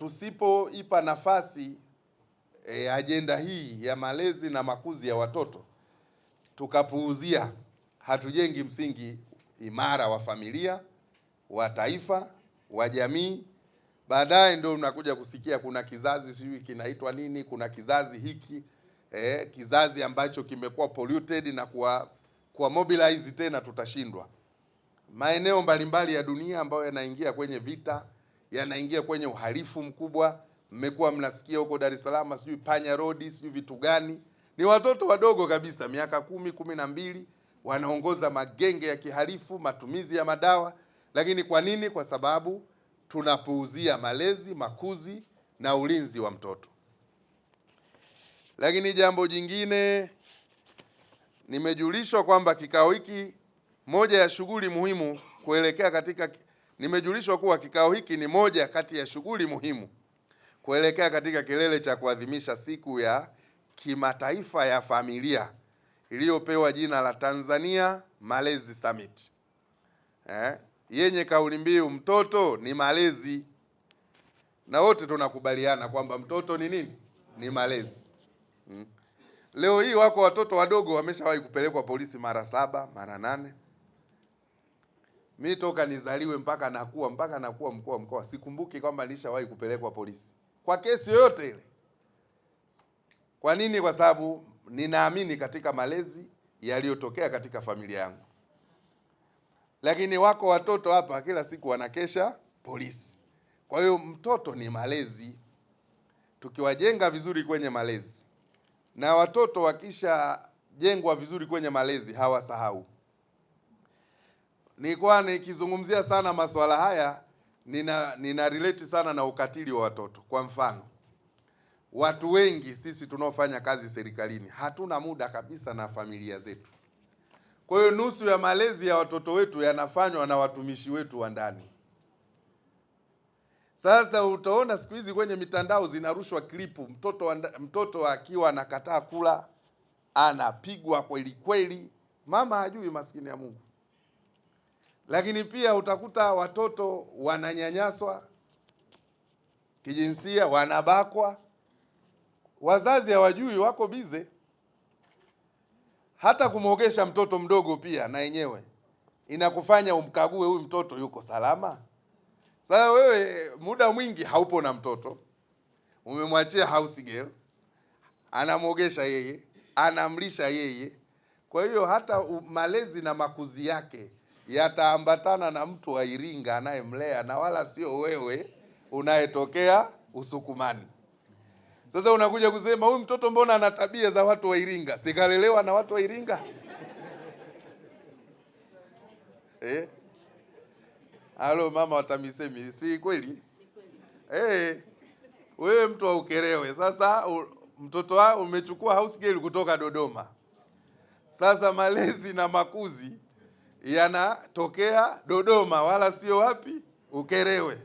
tusipoipa nafasi e, ajenda hii ya malezi na makuzi ya watoto tukapuuzia, hatujengi msingi imara wa familia, wa taifa, wa jamii. Baadaye ndio unakuja kusikia kuna kizazi sijui kinaitwa nini, kuna kizazi hiki e, kizazi ambacho kimekuwa polluted na kuwa, kuwa mobilize tena tutashindwa. Maeneo mbalimbali ya dunia ambayo yanaingia kwenye vita yanaingia kwenye uhalifu mkubwa. Mmekuwa mnasikia huko Dar es Salaam, sijui panya road, sijui vitu gani. Ni watoto wadogo kabisa, miaka kumi, kumi na mbili, wanaongoza magenge ya kihalifu, matumizi ya madawa. Lakini kwa nini? Kwa sababu tunapuuzia malezi, makuzi na ulinzi wa mtoto. Lakini jambo jingine, nimejulishwa kwamba kikao hiki, moja ya shughuli muhimu kuelekea katika Nimejulishwa kuwa kikao hiki ni moja kati ya shughuli muhimu kuelekea katika kilele cha kuadhimisha siku ya kimataifa ya familia iliyopewa jina la Tanzania Malezi Summit eh, yenye kauli mbiu mtoto ni malezi, na wote tunakubaliana kwamba mtoto ni nini? Ni malezi hmm. Leo hii wako watoto wadogo wameshawahi kupelekwa polisi mara saba mara nane mi toka nizaliwe mpaka nakuwa mpaka nakuwa mkuu wa mkoa sikumbuki kwamba nilishawahi kupelekwa polisi kwa kesi yoyote ile. Kwa nini? Kwa sababu ninaamini katika malezi yaliyotokea katika familia yangu. Lakini wako watoto hapa kila siku wanakesha polisi. Kwa hiyo mtoto ni malezi, tukiwajenga vizuri kwenye malezi na watoto wakishajengwa vizuri kwenye malezi hawasahau nilikuwa nikizungumzia sana masuala haya, nina nina relate sana na ukatili wa watoto. Kwa mfano, watu wengi sisi tunaofanya kazi serikalini hatuna muda kabisa na familia zetu. Kwa hiyo nusu ya malezi ya watoto wetu yanafanywa na watumishi wetu wa ndani. Sasa utaona siku hizi kwenye mitandao zinarushwa klipu, mtoto wa, mtoto akiwa anakataa kula anapigwa kweli kweli, mama hajui, maskini ya Mungu. Lakini pia utakuta watoto wananyanyaswa kijinsia, wanabakwa, wazazi hawajui, wako bize. Hata kumwogesha mtoto mdogo pia na yenyewe inakufanya umkague huyu mtoto yuko salama. Sasa wewe muda mwingi haupo na mtoto, umemwachia house girl, anamwogesha yeye, anamlisha yeye, kwa hiyo hata malezi na makuzi yake yataambatana na mtu wa Iringa anayemlea na wala sio wewe unayetokea Usukumani. Sasa unakuja kusema huyu mtoto mbona ana tabia za watu wa Iringa? Sikalelewa na watu wa Iringa eh? Alo mama watamisemi, si kweli eh? Wewe mtu wa Ukerewe sasa u, mtoto wa umechukua house girl kutoka Dodoma. Sasa malezi na makuzi yanatokea Dodoma, wala sio wapi Ukerewe.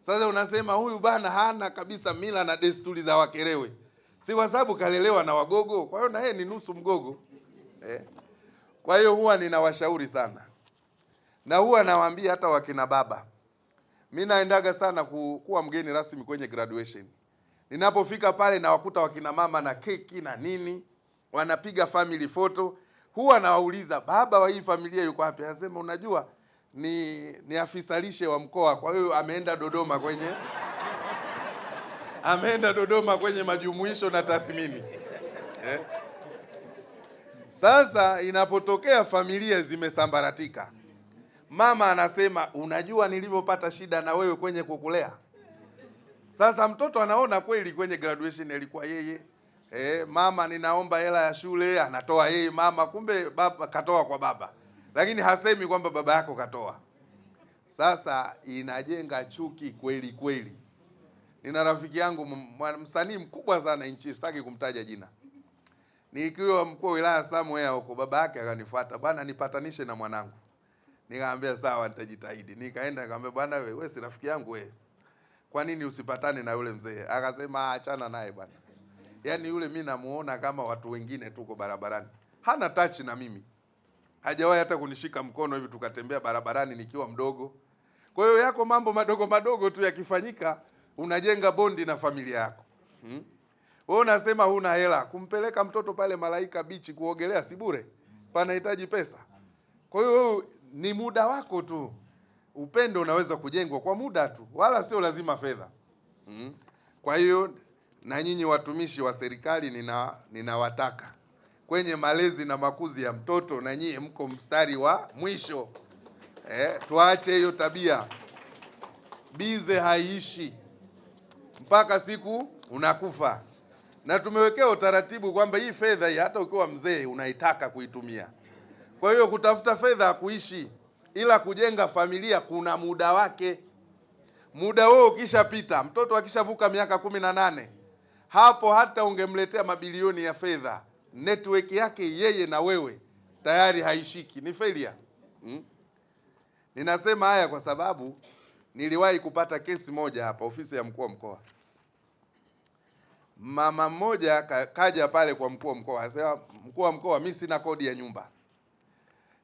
Sasa unasema huyu bana hana kabisa mila na desturi za Wakerewe, si kwa sababu kalelewa na Wagogo, kwa hiyo na yeye ni nusu Mgogo eh. Kwa hiyo huwa ninawashauri sana na huwa nawaambia hata wakina baba, mi naendaga sana ku, kuwa mgeni rasmi kwenye graduation. Ninapofika pale nawakuta wakina mama na keki na nini, wanapiga family photo huwa nawauliza baba wa hii familia yuko wapi? Anasema unajua ni ni afisa lishe wa mkoa, kwa hiyo ameenda Dodoma kwenye ameenda Dodoma kwenye majumuisho na tathmini eh? Sasa inapotokea familia zimesambaratika, mama anasema unajua nilivyopata shida na wewe kwenye kukulea. Sasa mtoto anaona kweli kwenye graduation alikuwa yeye E, mama ninaomba hela ya shule, anatoa yeye mama, kumbe baba katoa kwa baba, lakini hasemi kwamba baba yako katoa. Sasa inajenga chuki kweli kweli. Nina rafiki yangu msanii mkubwa sana nchi, sitaki kumtaja jina, nikiwa mkuu wa wilaya somewhere huko, baba yake akanifuata, bwana, nipatanishe na mwanangu. Nikamwambia sawa, nitajitahidi. Nikaenda nikamwambia, bwana, wewe si rafiki yangu wewe, kwa nini usipatane na yule mzee? Akasema ah, achana naye bwana Yaani yule mi namuona kama watu wengine, tuko barabarani, hana touch na mimi, hajawahi hata kunishika mkono hivi tukatembea barabarani nikiwa mdogo. Kwa hiyo yako mambo madogo madogo tu yakifanyika, unajenga bondi na familia yako hmm? Wewe unasema huna hela kumpeleka mtoto pale Malaika bichi kuogelea, si bure, panahitaji pesa. Kwa hiyo ni muda wako tu. Upendo unaweza kujengwa kwa muda tu, wala sio lazima fedha hmm? Kwa hiyo na nyinyi watumishi wa serikali nina ninawataka kwenye malezi na makuzi ya mtoto, na nyinyi mko mstari wa mwisho eh, tuache hiyo tabia. Bize haiishi mpaka siku unakufa, na tumewekea utaratibu kwamba hii fedha hii hata ukiwa mzee unaitaka kuitumia. Kwa hiyo kutafuta fedha ya kuishi, ila kujenga familia kuna muda wake. Muda huo ukishapita, mtoto akishavuka miaka kumi na nane hapo hata ungemletea mabilioni ya fedha, network yake yeye na wewe tayari haishiki, ni failure hmm? Ninasema haya kwa sababu niliwahi kupata kesi moja hapa ofisi ya mkuu wa mkoa. Mama mmoja kaja pale kwa mkuu wa mkoa, anasema mkuu wa mkoa, mimi sina kodi ya nyumba.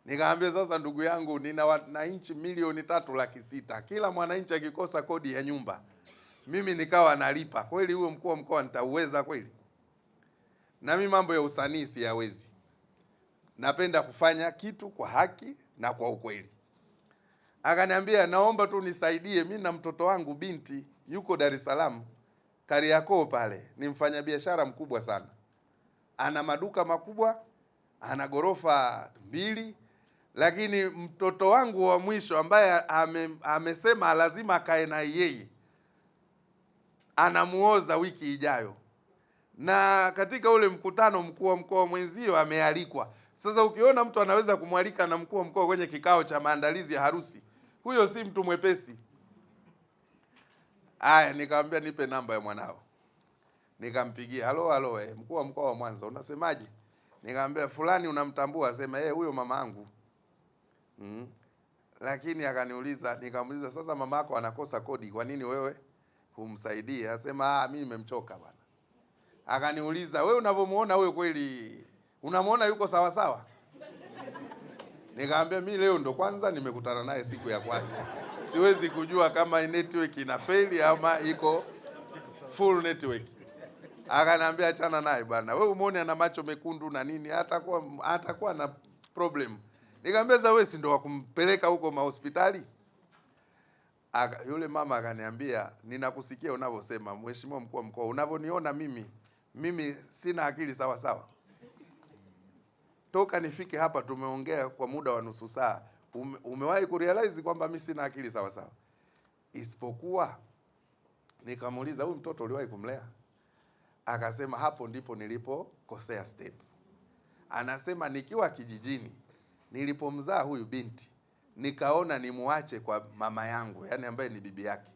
Nikamwambia sasa, ndugu yangu, nina wananchi milioni tatu laki sita, kila mwananchi akikosa kodi ya nyumba mimi nikawa nalipa kweli, huo mkuu wa mkoa nitauweza kweli? Na mimi mambo ya usanii siyawezi. Napenda kufanya kitu kwa haki na kwa ukweli. Akaniambia, naomba tu nisaidie, mi na mtoto wangu binti yuko Dar es Salaam Kariakoo pale, ni mfanyabiashara mkubwa sana, ana maduka makubwa, ana ghorofa mbili, lakini mtoto wangu wa mwisho ambaye amesema lazima akae na yeye anamuoza wiki ijayo, na katika ule mkutano mkuu wa mkoa mwenzio amealikwa. Sasa ukiona mtu anaweza kumwalika na mkuu wa mkoa kwenye kikao cha maandalizi ya harusi, huyo si mtu mwepesi. Aya, nikamwambia nipe namba ya mwanao, nikampigia halo halo, eh, mkuu wa mkoa wa Mwanza unasemaje? Nikamwambia fulani unamtambua? Asema eh, huyo mama yangu mm. Lakini akaniuliza, nikamuuliza sasa, mama yako anakosa kodi, kwa nini wewe kumsaidia, asema ah, mimi nimemchoka bwana. Akaniuliza, wewe unavyomuona huyo kweli unamuona yuko sawa sawa? Nikamwambia mimi leo ndo kwanza nimekutana naye, siku ya kwanza, siwezi kujua kama network ina feli ama iko full network. Akaniambia achana naye bwana, wewe umeone ana macho mekundu na nini, atakuwa hatakuwa na problem. Nikamwambia wewe si ndo wakumpeleka huko mahospitali? Aka, yule mama akaniambia, ninakusikia unavyosema mheshimiwa mkuu wa mkoa, unavyoniona mimi mimi sina akili sawa sawa. Toka nifike hapa tumeongea kwa muda wa nusu saa, ume, umewahi kurealize kwamba mimi sina akili sawa sawa? Isipokuwa nikamuuliza, huyu mtoto uliwahi kumlea? Akasema hapo ndipo nilipokosea step. Anasema nikiwa kijijini nilipomzaa huyu binti nikaona nimwache kwa mama yangu, yani ambaye ni bibi yake.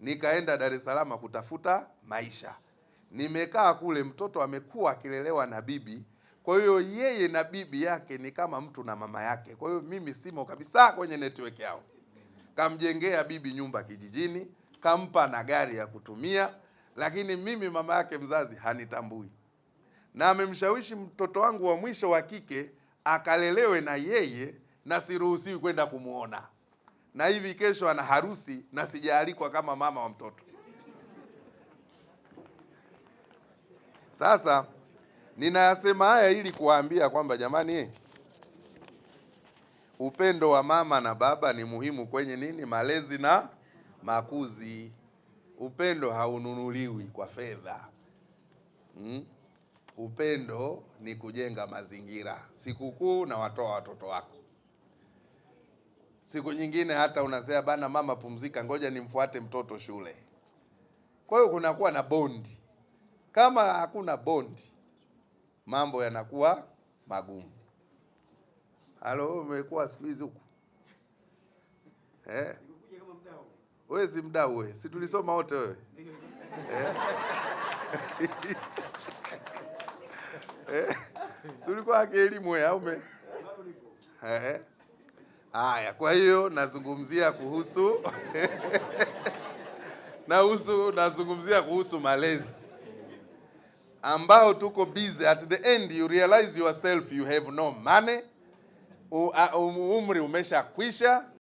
Nikaenda Dar es Salaam kutafuta maisha, nimekaa kule. Mtoto amekuwa akilelewa na bibi, kwa hiyo yeye na bibi yake ni kama mtu na mama yake. Kwa hiyo mimi simo kabisa kwenye network yao. Kamjengea bibi nyumba kijijini, kampa na gari ya kutumia, lakini mimi mama yake mzazi hanitambui, na amemshawishi mtoto wangu wa mwisho wa kike akalelewe na yeye na siruhusiwi kwenda kumwona, na hivi kesho ana harusi na sijaalikwa kama mama wa mtoto. Sasa ninayasema haya ili kuwaambia kwamba jamani, upendo wa mama na baba ni muhimu kwenye nini? Malezi na makuzi. Upendo haununuliwi kwa fedha hmm? Upendo ni kujenga mazingira. Sikukuu na watoa watoto wako siku nyingine hata unasema bana, mama pumzika, ngoja nimfuate mtoto shule. Kwa hiyo kunakuwa na bondi. Kama hakuna bondi, mambo yanakuwa magumu. Halo, umekuwa siku hizi huku eh? Wewe si mdau wewe, si tulisoma wote wewe eh? eh? si ulikuwa wewe au me eh? Haya, kwa hiyo nazungumzia kuhusu nahusu nazungumzia kuhusu malezi ambao tuko busy. At the end you realize yourself you have no money, umri umeshakwisha,